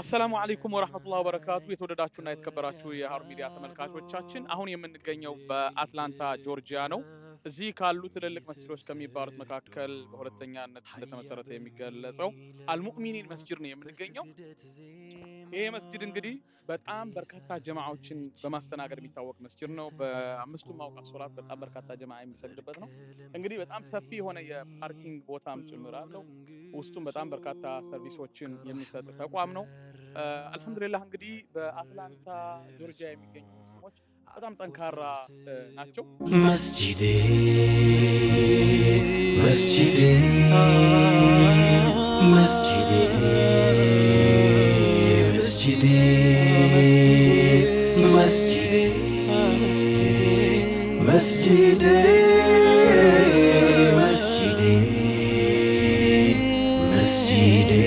አሰላሙ አለይኩም ወራህመቱላህ ወበረካቱ። የተወደዳችሁና የተከበራችሁ የሀሩን ሚዲያ ተመልካቾቻችን አሁን የምንገኘው በአትላንታ ጆርጂያ ነው። እዚህ ካሉ ትልልቅ መስጅዶች ከሚባሉት መካከል በሁለተኛነት እንደተመሰረተ የሚገለጸው አልሙእሚኒን መስጅድ ነው የምንገኘው። ይህ መስጅድ እንግዲህ በጣም በርካታ ጀማዎችን በማስተናገድ የሚታወቅ መስጅድ ነው። በአምስቱ አውቃት ሶላት በጣም በርካታ ጀማ የሚሰግድበት ነው። እንግዲህ በጣም ሰፊ የሆነ የፓርኪንግ ቦታም ጭምር አለው። ውስጡም በጣም በርካታ ሰርቪሶችን የሚሰጥ ተቋም ነው። አልሐምዱሊላህ እንግዲህ በአትላንታ ጆርጂያ የሚገኙ በጣም ጠንካራ ናቸው። መስጂዴ መስጂዴ መስጂዴ መስጂዴ መስጂዴ መስጂዴ መስጂዴ መስጂዴ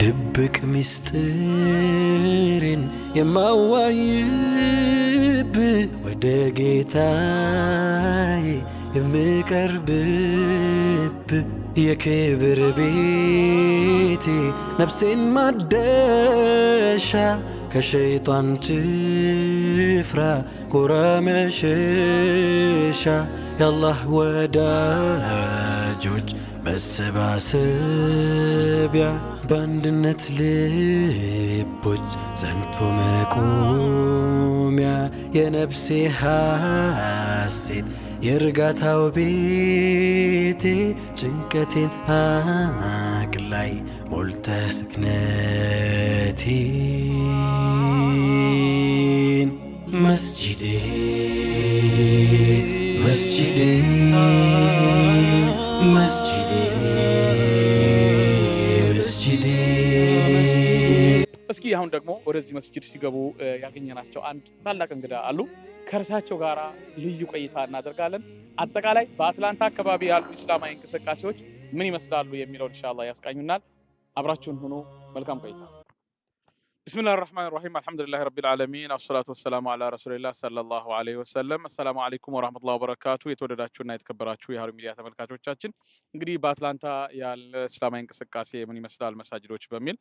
دبك يا يماوايب ودقيتاي مقربب يا كبر بيتي نفسين ما دشا كشيطان تفرا كرامشيشا يالله وداي መሰባሰቢያ በአንድነት ልቦች ጸንቶ መቆሚያ የነፍሴ ሐሴት የእርጋታው ቤቴ ጭንቀቴን አቅላይ ሞልተህ ስክነቴን መስጂዴ እስቲ አሁን ደግሞ ወደዚህ መስጅድ ሲገቡ ያገኘናቸው አንድ ታላቅ እንግዳ አሉ። ከእርሳቸው ጋር ልዩ ቆይታ እናደርጋለን። አጠቃላይ በአትላንታ አካባቢ ያሉ ኢስላማዊ እንቅስቃሴዎች ምን ይመስላሉ የሚለውን ኢንሻአላህ ያስቃኙናል። አብራችሁን ሁኑ። መልካም ቆይታ። ብስሚላህ ራህማን ራሂም አልሐምዱሊላህ ረቢል ዓለሚን አሰላቱ ወሰላሙ አላ ረሱሊላህ ሰለላሁ ዐለይሂ ወሰለም። አሰላሙ አለይኩም ወራህመቱላሂ ወበረካቱ። የተወደዳችሁና የተከበራችሁ የሀሩን ሚዲያ ተመልካቾቻችን እንግዲህ በአትላንታ ያለ እስላማዊ እንቅስቃሴ ምን ይመስላል መሳጅዶች በሚል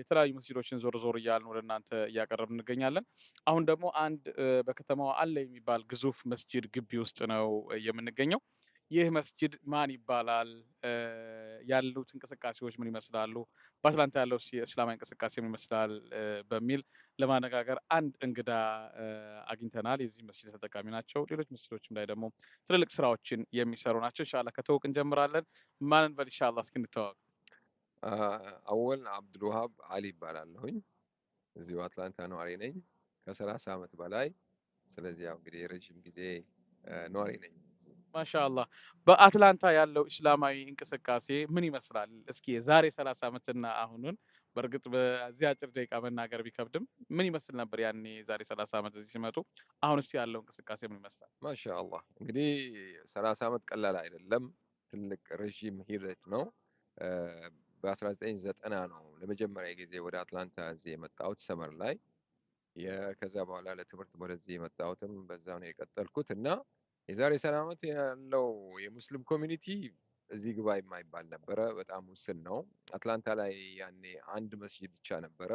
የተለያዩ መስጂዶችን ዞር ዞር እያልን ወደ እናንተ እያቀረብ እንገኛለን። አሁን ደግሞ አንድ በከተማዋ አለ የሚባል ግዙፍ መስጂድ ግቢ ውስጥ ነው የምንገኘው። ይህ መስጂድ ማን ይባላል? ያሉት እንቅስቃሴዎች ምን ይመስላሉ? በአትላንታ ያለው እስላማዊ እንቅስቃሴ ምን ይመስላል? በሚል ለማነጋገር አንድ እንግዳ አግኝተናል። የዚህ መስጂድ ተጠቃሚ ናቸው። ሌሎች መስጂዶችም ላይ ደግሞ ትልልቅ ስራዎችን የሚሰሩ ናቸው። ኢንሻላህ ከተውቅ እንጀምራለን። ማንን በል ኢንሻላህ እስኪ እንተዋወቅ አወል አብዱልዋሃብ አሊ ይባላለሁኝ። እዚሁ አትላንታ ነዋሪ ነኝ። ከሰላሳ ዓመት በላይ ስለዚህ ያው እንግዲህ የረዥም ጊዜ ነዋሪ ነኝ። ማሻአላ በአትላንታ ያለው እስላማዊ እንቅስቃሴ ምን ይመስላል? እስኪ የዛሬ ሰላሳ ዓመትና አሁኑን በእርግጥ በዚህ አጭር ደቂቃ መናገር ቢከብድም ምን ይመስል ነበር ያኔ ዛሬ ሰላሳ ዓመት እዚህ ሲመጡ? አሁን እስኪ ያለው እንቅስቃሴ ምን ይመስላል? ማሻአላ እንግዲህ ሰላሳ ዓመት ቀላል አይደለም። ትልቅ ረዥም ሂደት ነው። በ1990 ነው ለመጀመሪያ ጊዜ ወደ አትላንታ እዚህ የመጣሁት ሰመር ላይ። ከዛ በኋላ ለትምህርት ወደዚህ የመጣሁትም በዛ ነው የቀጠልኩት እና የዛሬ ሰላም ዓመት ያለው የሙስሊም ኮሚኒቲ እዚህ ግባ የማይባል ነበረ። በጣም ውስን ነው። አትላንታ ላይ ያኔ አንድ መስጅድ ብቻ ነበረ፣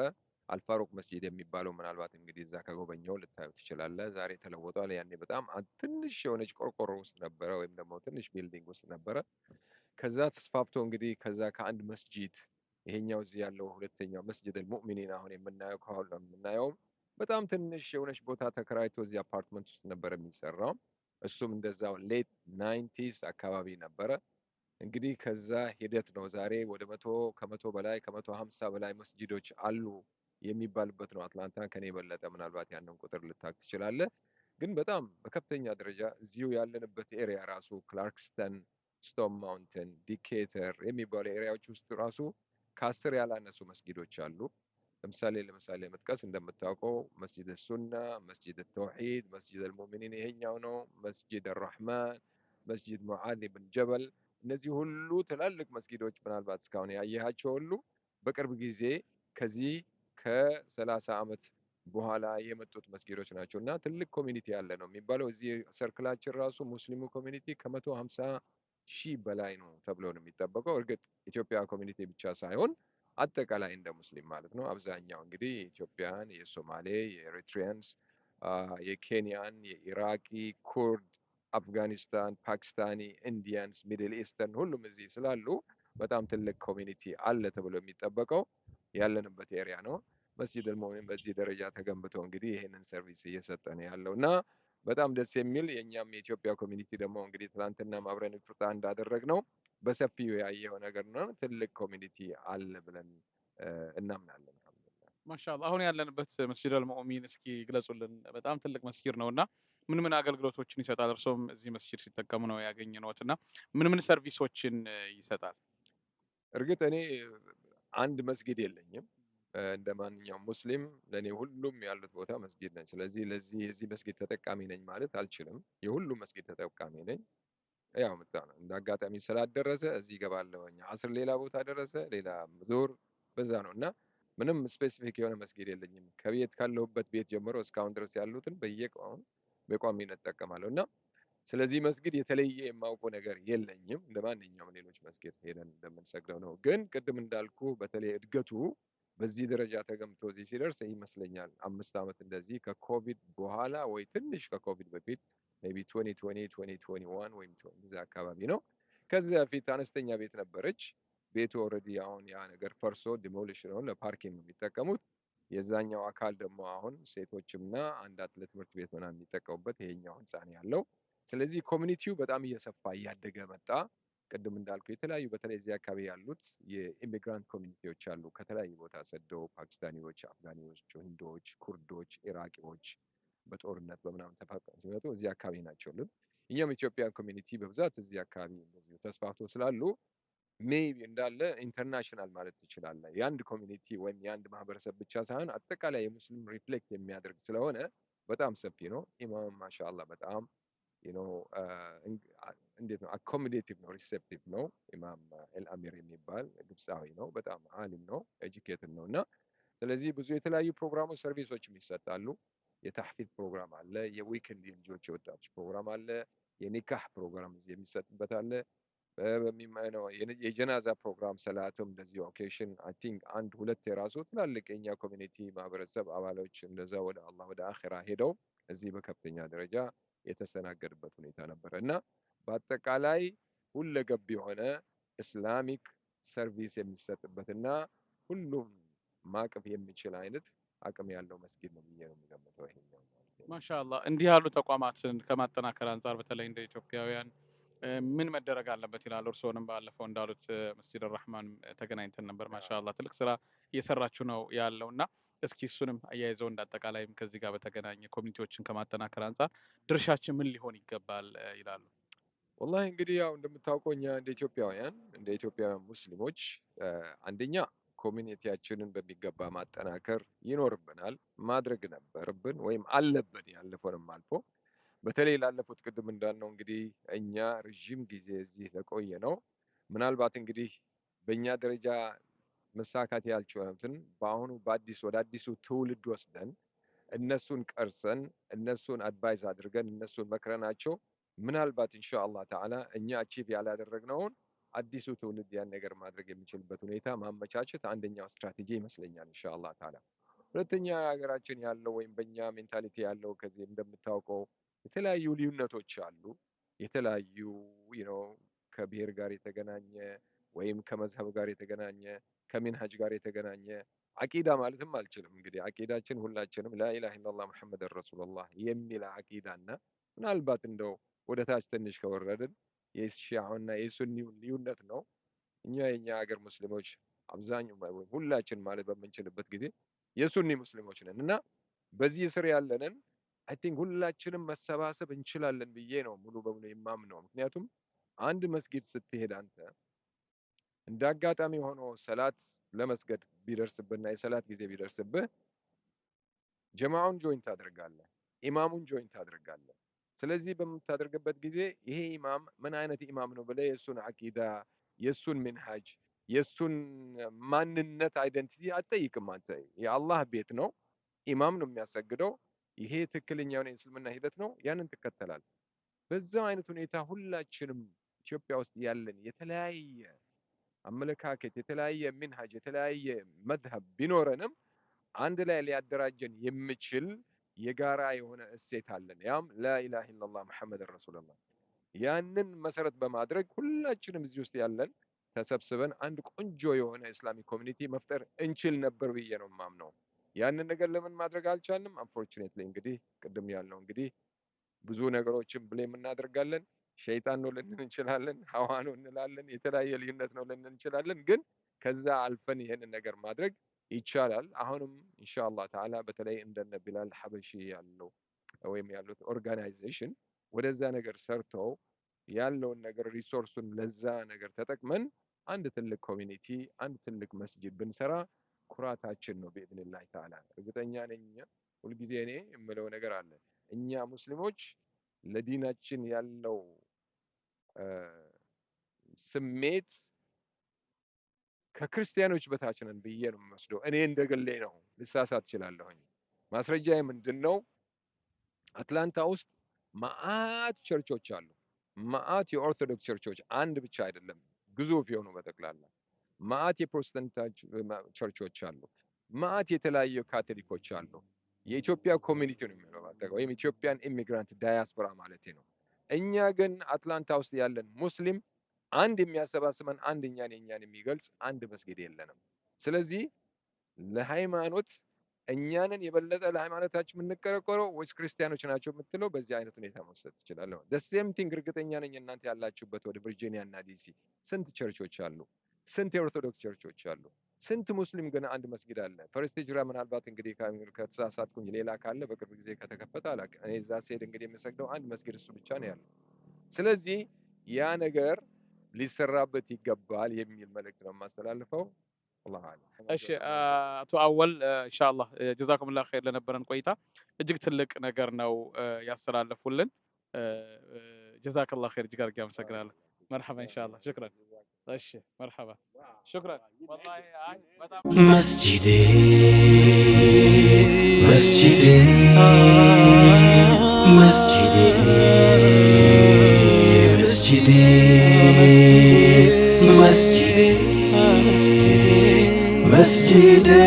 አልፋሮክ መስጅድ የሚባለው ምናልባት እንግዲህ እዛ ከጎበኘው ልታዩ ትችላለ ዛሬ ተለወጧል። ያኔ በጣም ትንሽ የሆነች ቆርቆሮ ውስጥ ነበረ፣ ወይም ደግሞ ትንሽ ቢልዲንግ ውስጥ ነበረ። ከዛ ተስፋፍቶ እንግዲህ ከዛ ከአንድ መስጂድ ይሄኛው እዚህ ያለው ሁለተኛው መስጂድ አልሙእሚኒን አሁን የምናየው ከኋላ ነው የምናየው። በጣም ትንሽ የሆነች ቦታ ተከራይቶ እዚህ አፓርትመንት ውስጥ ነበር የሚሰራው። እሱም እንደዛው ሌት ናይንቲስ አካባቢ ነበረ። እንግዲህ ከዛ ሂደት ነው ዛሬ ወደ መቶ ከመቶ በላይ ከመቶ ሀምሳ በላይ መስጂዶች አሉ የሚባልበት ነው። አትላንታ ከኔ የበለጠ ምናልባት ያንን ቁጥር ልታክ ትችላለህ። ግን በጣም በከፍተኛ ደረጃ እዚሁ ያለንበት ኤሪያ ራሱ ክላርክስተን ስቶን ማውንተን፣ ዲኬተር የሚባሉ ኤሪያዎች ውስጥ ራሱ ከአስር ያላነሱ መስጊዶች አሉ። ለምሳሌ ለምሳሌ መጥቀስ እንደምታውቀው መስጅድ ሱና፣ መስጅድ ተውሒድ፣ መስጅድ አልሙእሚኒን ይሄኛው ነው፣ መስጅድ አራሕማን፣ መስጅድ ሙዓዝ ብን ጀበል። እነዚህ ሁሉ ትላልቅ መስጊዶች ምናልባት እስካሁን ያየሃቸው ሁሉ በቅርብ ጊዜ ከዚህ ከሰላሳ ዓመት በኋላ የመጡት መስጊዶች ናቸው እና ትልቅ ኮሚኒቲ ያለ ነው የሚባለው። እዚህ ሰርክላችን ራሱ ሙስሊሙ ኮሚኒቲ ከመቶ ሀምሳ ሺህ በላይ ነው ተብሎ ነው የሚጠበቀው። እርግጥ ኢትዮጵያ ኮሚኒቲ ብቻ ሳይሆን አጠቃላይ እንደ ሙስሊም ማለት ነው። አብዛኛው እንግዲህ የኢትዮጵያን፣ የሶማሌ፣ የኤሪትሪያንስ፣ የኬንያን፣ የኢራቂ፣ ኩርድ፣ አፍጋኒስታን፣ ፓኪስታኒ፣ ኢንዲያንስ፣ ሚድል ኢስተርን ሁሉም እዚህ ስላሉ በጣም ትልቅ ኮሚኒቲ አለ ተብሎ የሚጠበቀው ያለንበት ኤሪያ ነው። መስጂድ አልሙእሚን በዚህ ደረጃ ተገንብቶ እንግዲህ ይህንን ሰርቪስ እየሰጠ ነው ያለው እና በጣም ደስ የሚል የእኛም የኢትዮጵያ ኮሚኒቲ ደግሞ እንግዲህ ትናንትና ማብረን ፍጣ እንዳደረግ ነው በሰፊው ያየው ነገር ነው። ትልቅ ኮሚኒቲ አለ ብለን እናምናለን። ማሻላ አሁን ያለንበት መስጂድ አልሙእሚን እስኪ ግለጹልን። በጣም ትልቅ መስጊድ ነው እና ምን ምን አገልግሎቶችን ይሰጣል? እርሶም እዚህ መስጂድ ሲጠቀሙ ነው ያገኘ ነዎት እና ምን ምን ሰርቪሶችን ይሰጣል? እርግጥ እኔ አንድ መስጊድ የለኝም እንደ ማንኛውም ሙስሊም ለእኔ ሁሉም ያሉት ቦታ መስጊድ ነኝ። ስለዚህ ለዚህ የዚህ መስጊድ ተጠቃሚ ነኝ ማለት አልችልም። የሁሉም መስጊድ ተጠቃሚ ነኝ። ያው ምጣ ነው እንደ አጋጣሚ ስላደረሰ እዚህ ገባለሁኝ፣ አስር ሌላ ቦታ ደረሰ፣ ሌላ ዞር፣ በዛ ነው እና ምንም ስፔሲፊክ የሆነ መስጊድ የለኝም። ከቤት ካለሁበት ቤት ጀምሮ እስካሁን ድረስ ያሉትን በየቋም በቋሚነት እጠቀማለሁ እና ስለዚህ መስጊድ የተለየ የማውቀው ነገር የለኝም። እንደ ማንኛውም ሌሎች መስጊድ ሄደን እንደምንሰግደው ነው። ግን ቅድም እንዳልኩ በተለይ እድገቱ በዚህ ደረጃ ተገምቶ እዚህ ሲደርስ ይመስለኛል አምስት ዓመት እንደዚህ ከኮቪድ በኋላ ወይ ትንሽ ከኮቪድ በፊት ቢ ወይም እዚ አካባቢ ነው። ከዚህ በፊት አነስተኛ ቤት ነበረች። ቤቱ ኦልሬዲ አሁን ያ ነገር ፈርሶ ዲሞሊሽን ሆን ለፓርኪንግ የሚጠቀሙት የዛኛው አካል ደግሞ አሁን ሴቶችምና አንዳት ለትምህርት ቤት ምናምን የሚጠቀሙበት ይሄኛው ህንፃ ያለው። ስለዚህ ኮሚኒቲው በጣም እየሰፋ እያደገ መጣ። ቅድም እንዳልኩ የተለያዩ በተለይ እዚህ አካባቢ ያሉት የኢሚግራንት ኮሚኒቲዎች አሉ። ከተለያዩ ቦታ ሰደው ፓኪስታኒዎች፣ አፍጋኒዎች፣ ህንዶች፣ ኩርዶች፣ ኢራቂዎች በጦርነት በምናምን ተፋጠን ሲመጡ እዚህ አካባቢ ናቸው። ልብ እኛም ኢትዮጵያ ኮሚኒቲ በብዛት እዚህ አካባቢ እንደዚሁ ተስፋፍቶ ስላሉ ሜይቢ እንዳለ ኢንተርናሽናል ማለት ትችላለ። የአንድ ኮሚኒቲ ወይም የአንድ ማህበረሰብ ብቻ ሳይሆን አጠቃላይ የሙስሊም ሪፍሌክት የሚያደርግ ስለሆነ በጣም ሰፊ ነው። ኢማም ማሻላ በጣም እንዴት ነው አኮሚዴቲቭ ነው፣ ሪሴፕቲቭ ነው። ኢማም ኤልአሚር የሚባል ግብፃዊ ነው፣ በጣም አሊም ነው፣ ኤጁኬትድ ነው እና ስለዚህ ብዙ የተለያዩ ፕሮግራሞች ሰርቪሶች ይሰጣሉ። የተሕፊዝ ፕሮግራም አለ፣ የዊክንድ የልጆች የወጣቶች ፕሮግራም አለ፣ የኒካህ ፕሮግራም የሚሰጥበት አለ፣ የጀናዛ ፕሮግራም ሰላትም እንደዚህ ኦኬሽን አይ አንድ ሁለት የራሱ ትላልቅ የኛ ኮሚኒቲ ማህበረሰብ አባሎች እንደዛ ወደ አላህ ወደ አራ ሄደው እዚህ በከፍተኛ ደረጃ የተስተናገድበት ሁኔታ ነበረ እና በአጠቃላይ ሁለገብ የሆነ ኢስላሚክ ሰርቪስ እና ሁሉም ማቅፍ የሚችል አይነት አቅም ያለው መስጊድ ነው ብዬ ነው የሚገምተው። ይሄኛው ማሻላ እንዲህ ያሉ ተቋማትን ከማጠናከር አንጻር በተለይ እንደ ኢትዮጵያውያን ምን መደረግ አለበት ይላሉ። እርስዎንም ባለፈው እንዳሉት መስጂድ ራህማን ተገናኝተን ነበር። ማሻላ ትልቅ ስራ እየሰራችሁ ነው ያለው እና እስኪ እሱንም አያይዘው እንደ ከዚህ ጋር በተገናኘ ኮሚኒቲዎችን ከማጠናከር አንጻር ድርሻችን ምን ሊሆን ይገባል ይላሉ? ወላሂ እንግዲህ ያው እንደምታውቀው እኛ እንደ ኢትዮጵያውያን እንደ ኢትዮጵያውያን ሙስሊሞች አንደኛ ኮሚኒቲያችንን በሚገባ ማጠናከር ይኖርብናል። ማድረግ ነበርብን ወይም አለብን፣ ያለፈንም አልፎ በተለይ ላለፉት ቅድም እንዳልነው እንግዲህ እኛ ረዥም ጊዜ እዚህ ለቆየ ነው ምናልባት እንግዲህ በእኛ ደረጃ መሳካት ያልቻሉትን በአሁኑ በአዲስ ወደ አዲሱ ትውልድ ወስደን እነሱን ቀርሰን እነሱን አድቫይዝ አድርገን እነሱን መክረናቸው ምናልባት ኢንሻ ተዓላ እኛ አቺቭ ያላደረግነውን አዲሱ ትውልድ ያን ነገር ማድረግ የሚችልበት ሁኔታ ማመቻቸት አንደኛው ስትራቴጂ ይመስለኛል። እንሻ አላህ ተዓላ ሁለተኛ ሀገራችን ያለው ወይም በእኛ ሜንታሊቲ ያለው ከዚህ እንደምታውቀው የተለያዩ ልዩነቶች አሉ። የተለያዩ ከብሔር ጋር የተገናኘ ወይም ከመዝሀብ ጋር የተገናኘ ከሚንሃጅ ጋር የተገናኘ አቂዳ ማለትም አልችልም። እንግዲህ አቂዳችን ሁላችንም ላኢላሃ ኢለላህ ሙሐመድ ረሱሉላህ የሚል አቂዳ እና ምናልባት እንደው ወደ ታች ትንሽ ከወረድን የሺዓውና የሱኒ ልዩነት ነው። እኛ የኛ ሀገር ሙስሊሞች አብዛኛው ሁላችን ማለት በምንችልበት ጊዜ የሱኒ ሙስሊሞች ነን እና በዚህ ስር ያለንን አይ ቲንክ ሁላችንም መሰባሰብ እንችላለን ብዬ ነው ሙሉ በሙሉ የማምነው። ምክንያቱም አንድ መስጊድ ስትሄድ አንተ እንደ አጋጣሚ ሆኖ ሰላት ለመስገድ ቢደርስብህና የሰላት ጊዜ ቢደርስብህ ጀማውን ጆይን ታደርጋለህ፣ ኢማሙን ጆይን ታደርጋለህ። ስለዚህ በምታደርግበት ጊዜ ይሄ ኢማም ምን አይነት ኢማም ነው ብለህ የእሱን አቂዳ የእሱን ሚንሃጅ የእሱን ማንነት አይደንቲቲ አትጠይቅም። አንተ የአላህ ቤት ነው፣ ኢማም ነው የሚያሰግደው። ይሄ ትክክለኛውን የእስልምና ሂደት ነው፣ ያንን ትከተላል። በዛው አይነት ሁኔታ ሁላችንም ኢትዮጵያ ውስጥ ያለን የተለያየ አመለካከት፣ የተለያየ ሚንሃጅ፣ የተለያየ መድሀብ ቢኖረንም አንድ ላይ ሊያደራጀን የሚችል የጋራ የሆነ እሴት አለን። ያም ላኢላሃ ኢላላህ መሐመድ ረሱሉላህ። ያንን መሰረት በማድረግ ሁላችንም እዚህ ውስጥ ያለን ተሰብስበን አንድ ቆንጆ የሆነ ኢስላሚክ ኮሚኒቲ መፍጠር እንችል ነበር ብዬ ነው የማምነው። ያንን ነገር ለምን ማድረግ አልቻልንም? አንፎርቹኔትሊ እንግዲህ ቅድም ያልነው እንግዲህ ብዙ ነገሮችን ብሌም እናደርጋለን። ሸይጣን ነው ልንን እንችላለን፣ ሀዋ ነው እንላለን፣ የተለያየ ልዩነት ነው ልንን እንችላለን። ግን ከዛ አልፈን ይህንን ነገር ማድረግ ይቻላል። አሁንም ኢንሻአላህ ተዓላ በተለይ እንደነ ቢላል ሐበሺ ያለው ወይም ያሉት ኦርጋናይዜሽን ወደዛ ነገር ሰርተው ያለውን ነገር ሪሶርሱን ለዛ ነገር ተጠቅመን አንድ ትልቅ ኮሚኒቲ አንድ ትልቅ መስጅድ ብንሰራ ኩራታችን ነው ብኢዝኒላህ ተዓላ። እርግጠኛ ነኝ ሁልጊዜ እኔ የምለው ነገር አለ እኛ ሙስሊሞች ለዲናችን ያለው ስሜት ከክርስቲያኖች በታች ነን ብዬ ነው የምወስደው። እኔ እንደገሌ ነው፣ ልሳሳት እችላለሁኝ። ማስረጃ ምንድን ነው? አትላንታ ውስጥ ማአት ቸርቾች አሉ። ማአት የኦርቶዶክስ ቸርቾች አንድ ብቻ አይደለም፣ ግዙፍ የሆኑ በጠቅላላ ማአት የፕሮቴስታንት ቸርቾች አሉ። ማአት የተለያዩ ካቶሊኮች አሉ። የኢትዮጵያ ኮሚኒቲ ነው የሚለው ወይም ኢትዮጵያን ኢሚግራንት ዳያስፖራ ማለት ነው። እኛ ግን አትላንታ ውስጥ ያለን ሙስሊም አንድ የሚያሰባስበን አንድ እኛን የኛን የሚገልጽ አንድ መስጊድ የለንም። ስለዚህ ለሃይማኖት እኛንን የበለጠ ለሃይማኖታችን የምንቀረቆረው ወይስ ክርስቲያኖች ናቸው የምትለው በዚህ አይነት ሁኔታ መውሰድ ትችላለህ። ደሴም ቲንግ እርግጠኛ ነኝ እናንተ ያላችሁበት ወደ ቨርጂኒያ እና ዲሲ ስንት ቸርቾች አሉ፣ ስንት የኦርቶዶክስ ቸርቾች አሉ። ስንት ሙስሊም ግን አንድ መስጊድ አለ። ፐረስቴጅራ ምናልባት እንግዲህ ከተሳሳትኩኝ ሌላ ካለ በቅርብ ጊዜ ከተከፈተ አላውቅም። እኔ እዛ ስሄድ እንግዲህ የምሰግደው አንድ መስጊድ እሱ ብቻ ነው ያለው። ስለዚህ ያ ነገር ሊሰራበት ይገባል የሚል መልእክት ነው የማስተላልፈው። እሺ አቶ አወል ኢንሻአላህ ጀዛኩም ኸይር ለነበረን ቆይታ እጅግ ትልቅ ነገር ነው ያስተላለፉልን። ጀዛከላ ኸይር እጅግ አድርጌ አመሰግናለሁ። መርሐባ ኢንሻአላህ ሽክራን። طشه مرحبا شكرا والله مسجدي مسجدي مسجدي مسجدي مسجدي مسجدي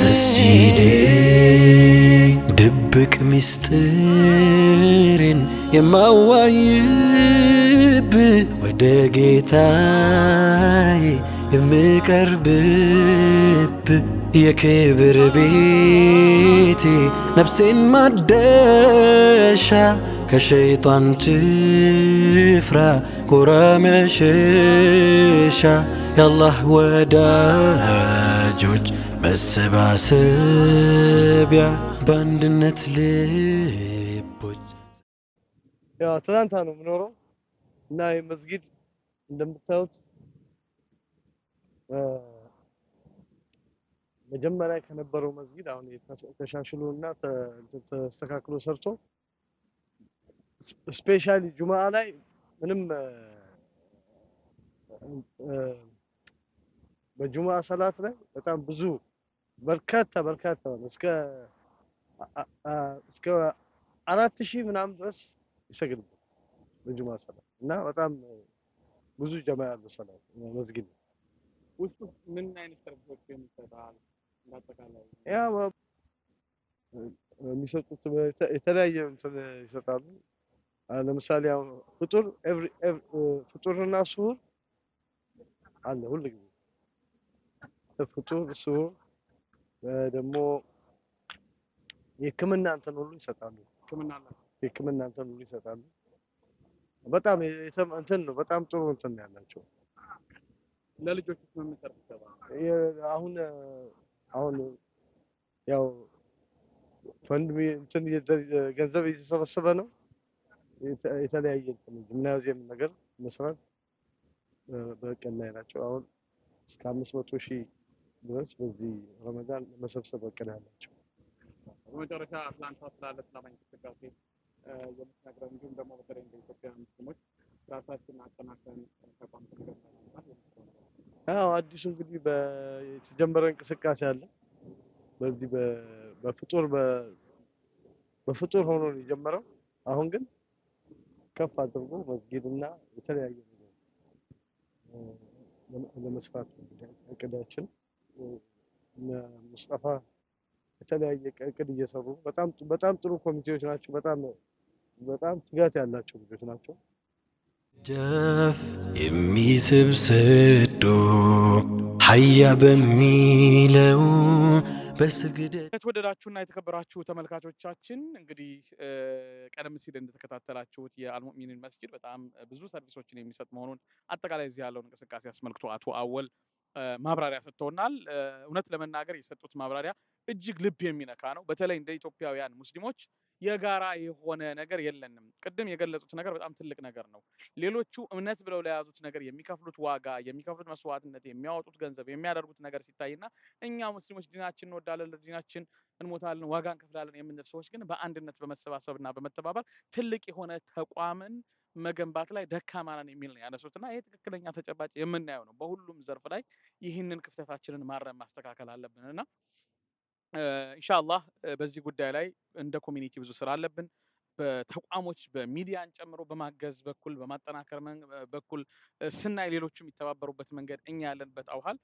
مسجدي دبك مستي يماوايب ودقيتاي يمكربب يا كبر بيتي نفسين ما دشا كشيطان تفرا كرة مشيشة يا الله وداجوج بس باسبيا بندنت ليه ያው አትላንታ ነው የምኖረው እና ይህ መስጊድ እንደምታዩት መጀመሪያ ከነበረው መስጊድ አሁን ተሻሽሎ እና ተስተካክሎ ሰርቶ ስፔሻሊ ጁማአ ላይ ምንም በጁማአ ሰላት ላይ በጣም ብዙ በርካታ በርካታ እስከ እስከ አራት ሺህ ምናምን ድረስ ይሰግድበት በጁማ ሰላት እና በጣም ብዙ ጀማ ሰላት መስጊድ ውስጡ ምን አይነት ሰርቪሶች የሚሰጣል? እንዳጠቃላይ ያ የሚሰጡት የተለያየ እንትን ይሰጣሉ። ለምሳሌ አሁን ፍጡር ስሁር አለ ሁሉ ጊዜ ፍጡር ስሁር ደግሞ እንትን ሁሉ ይሰጣሉ። ሕክምና እንትን ሁሉ ይሰጣሉ። በጣም እንትን ነው። በጣም ጥሩ እንትን ነው ያላቸው። ለልጆች ምን አሁን አሁን ያው ፈንድ እንትን ገንዘብ እየተሰበሰበ ነው። የተለያየ እንትን ጂምናዚየም ነገር መስራት በቀን ላይ ናቸው። አሁን እስከ አምስት መቶ ሺህ ድረስ በዚህ ረመዳን መሰብሰብ በቀን ያላቸው በመጨረሻ አትላንታ ስላለ ስላማኝ እንቅስቃሴ የምትነግረን እንዲሁም ደግሞ በተለይ እንደ ኢትዮጵያ ሙስሊሞች ራሳችን አጠናክረን ተቋም አዎ አዲሱ እንግዲህ የተጀመረ እንቅስቃሴ አለ። በዚህ በፍጡር በፍጡር ሆኖ ነው የጀመረው። አሁን ግን ከፍ አድርጎ መስጊድና የተለያየ ነገር ለመስፋት እቅዳችን ሙስጠፋ የተለያየ እቅድ እየሰሩ በጣም ጥሩ ኮሚቴዎች ናቸው። በጣም በጣም ትጋት ያላቸው ልጆች ናቸው። ደፍ የሚስብ ስዶ ሀያ በሚለው የተወደዳችሁና የተከበራችሁ ተመልካቾቻችን እንግዲህ ቀደም ሲል እንደተከታተላችሁት የአልሙእሚኒን መስጊድ በጣም ብዙ ሰርቪሶችን የሚሰጥ መሆኑን አጠቃላይ እዚህ ያለውን እንቅስቃሴ አስመልክቶ አቶ አወል ማብራሪያ ሰጥተውናል። እውነት ለመናገር የሰጡት ማብራሪያ እጅግ ልብ የሚነካ ነው። በተለይ እንደ ኢትዮጵያውያን ሙስሊሞች የጋራ የሆነ ነገር የለንም። ቅድም የገለጹት ነገር በጣም ትልቅ ነገር ነው። ሌሎቹ እምነት ብለው ለያዙት ነገር የሚከፍሉት ዋጋ፣ የሚከፍሉት መስዋዕትነት፣ የሚያወጡት ገንዘብ፣ የሚያደርጉት ነገር ሲታይና እኛ ሙስሊሞች ዲናችን እንወዳለን፣ ለዲናችን እንሞታለን፣ ዋጋ እንከፍላለን የምንል ሰዎች ግን በአንድነት በመሰባሰብና በመተባበር ትልቅ የሆነ ተቋምን መገንባት ላይ ደካማ ነን የሚል ነው ያነሱት እና ይሄ ትክክለኛ ተጨባጭ የምናየው ነው። በሁሉም ዘርፍ ላይ ይህንን ክፍተታችንን ማረም ማስተካከል አለብን እና ኢንሻአላህ በዚህ ጉዳይ ላይ እንደ ኮሚኒቲ ብዙ ስራ አለብን። በተቋሞች በሚዲያን ጨምሮ በማገዝ በኩል በማጠናከር በኩል ስናይ ሌሎችም የሚተባበሩበት መንገድ እኛ ያለንበት አውሃል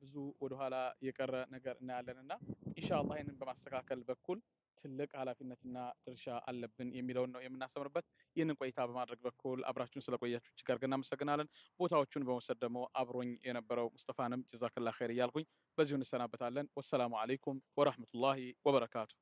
ብዙ ወደኋላ የቀረ ነገር እናያለን እና ኢንሻአላህ ይህንን በማስተካከል በኩል ትልቅ ኃላፊነትና ድርሻ አለብን የሚለውን ነው የምናስተምርበት። ይህንን ቆይታ በማድረግ በኩል አብራችሁን ስለቆያችሁ እጅግ አድርገን እናመሰግናለን። ቦታዎቹን በመውሰድ ደግሞ አብሮኝ የነበረው ሙስጠፋንም ጀዛከላ ኸይር እያልኩኝ በዚሁ እንሰናበታለን። ወሰላሙ አሌይኩም ወራህመቱላሂ ወበረካቱ።